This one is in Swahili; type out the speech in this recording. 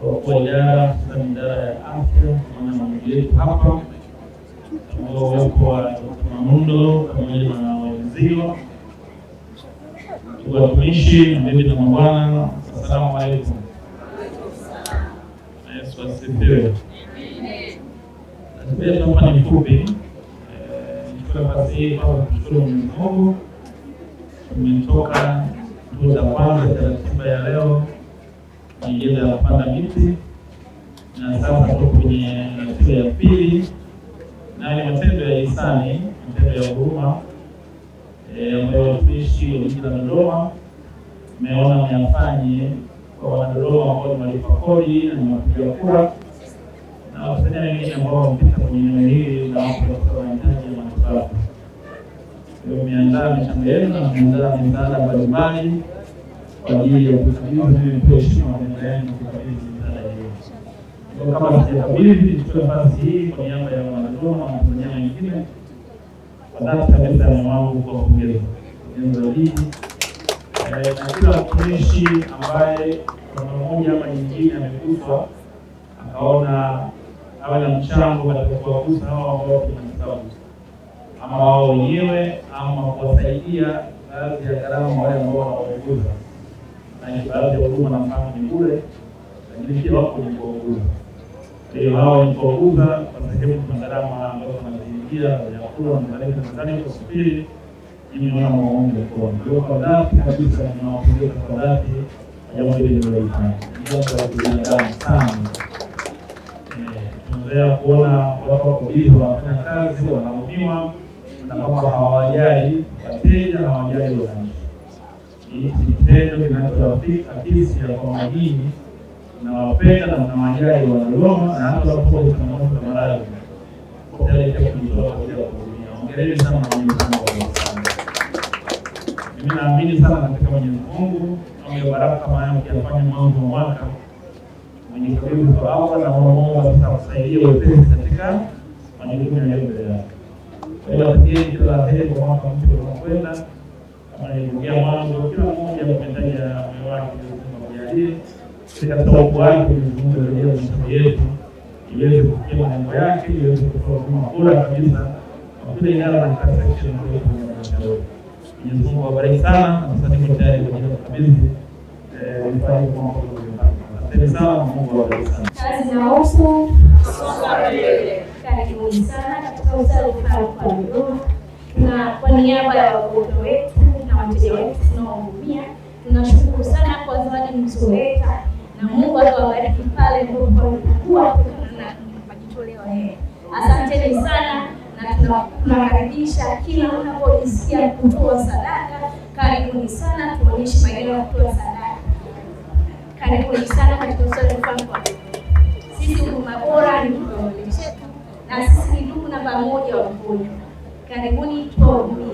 kwa idara katika idara ya afya na mamuzi hapa ambao wako Mamundo pamoja na wenzio, watumishi bibi na mabwana, asalamu alaikum. Yesu asifiwe. Hapa ni fupi, nichukue nafasi hii kumshukuru Mwenyezi Mungu, tumetoka nguo za kwanza za ratiba ya leo nyingine ya kupanda miti, na sasa tuko kwenye hatua ya pili, na ni matendo ya hisani, matendo ya huruma eh, ambayo watumishi wa jiji la Dodoma meona myafanye kwa Wanadodoma ambao ni walipa kodi na ni wapiga kura na wasanii wengine ambao wamepita kwenye eneo hili na wapo katika mahitaji ya matibabu. Mmeandaa michango yenu na mmeandaa misaada mbalimbali kwa ajili ya kukabidhi mpeshi wa mwendaeni kukabidhi mtaji. Kama sijakabidhi, nichukue nafasi hii kwa niaba ya wanadodoma na kwa niaba nyingine kwa dhati kabisa ya wangu kwa kuongeza kuongeza zaidi na kila mtumishi ambaye kwa mmoja ama nyingine ameguswa akaona awe na mchango katika kuwagusa hawa ambao tunamtabu ama wao wenyewe ama kuwasaidia baadhi ya gharama wale ambao wanawagusa maanake baadhi ya huduma nafahamu ni bure, lakini pia wako kwenye kuwauguza. Kwa hiyo hao wenye kuwauguza kwa sehemu kuna gharama ambazo wanaziingia ya kula wanapeleka Tanzania kwa kusafiri, ili naona maombi kwa kwa dhati kabisa, nawapongeza kwa dhati jambo hili lililoifanya jambo la kibinadamu sana. Eh, tunaendelea kuona watu wako bizi, wanafanya kazi, wanaumiwa na kwamba hawajali wateja na hawajali wananchi ni kitendo kisi ya kwamba nyinyi nawapenda na wanawajali wa Wanaloma na hata waoamoa Malawi aia kujitoa kwa ajili ya kuhudumia. Hongereni sana na Mwenyezi Mungu sana. Mimi naamini sana katika Mwenyezi Mungu ambaye baraka maana ukiyafanya mwanzo wa mwaka mwenye karibu kwa Allah na Mungu sasa msaidie wepesi katika majukumu ya mbele yake. Kwa hiyo kila heri kwa mwaka mpya unakwenda kama nilivyoongea mwanzo Tutaukuaji yetu iweze kufikia mambo yake, iweze kabisa kwa kila sana, asante eh, ya kukabidhi Kazi na hofu karibuni sana katika ustawi na kwa niaba ya wagonjwa wetu na wateja wetu tunaohudumia, tunashukuru sana kwa zawadi mlizoleta bariki pale kuwa majitoleo. Eh, asanteni sana, na tunakaribisha kila unapojisikia kutoa sadaka. Karibuni sana, tuonyeshe maeneo ya kutoa sadaka. Karibuni sana katika sisi, huduma bora ni chetu, na sisi ni ndugu na pamoja wa mgonjwa. Karibuni tuwahudumie.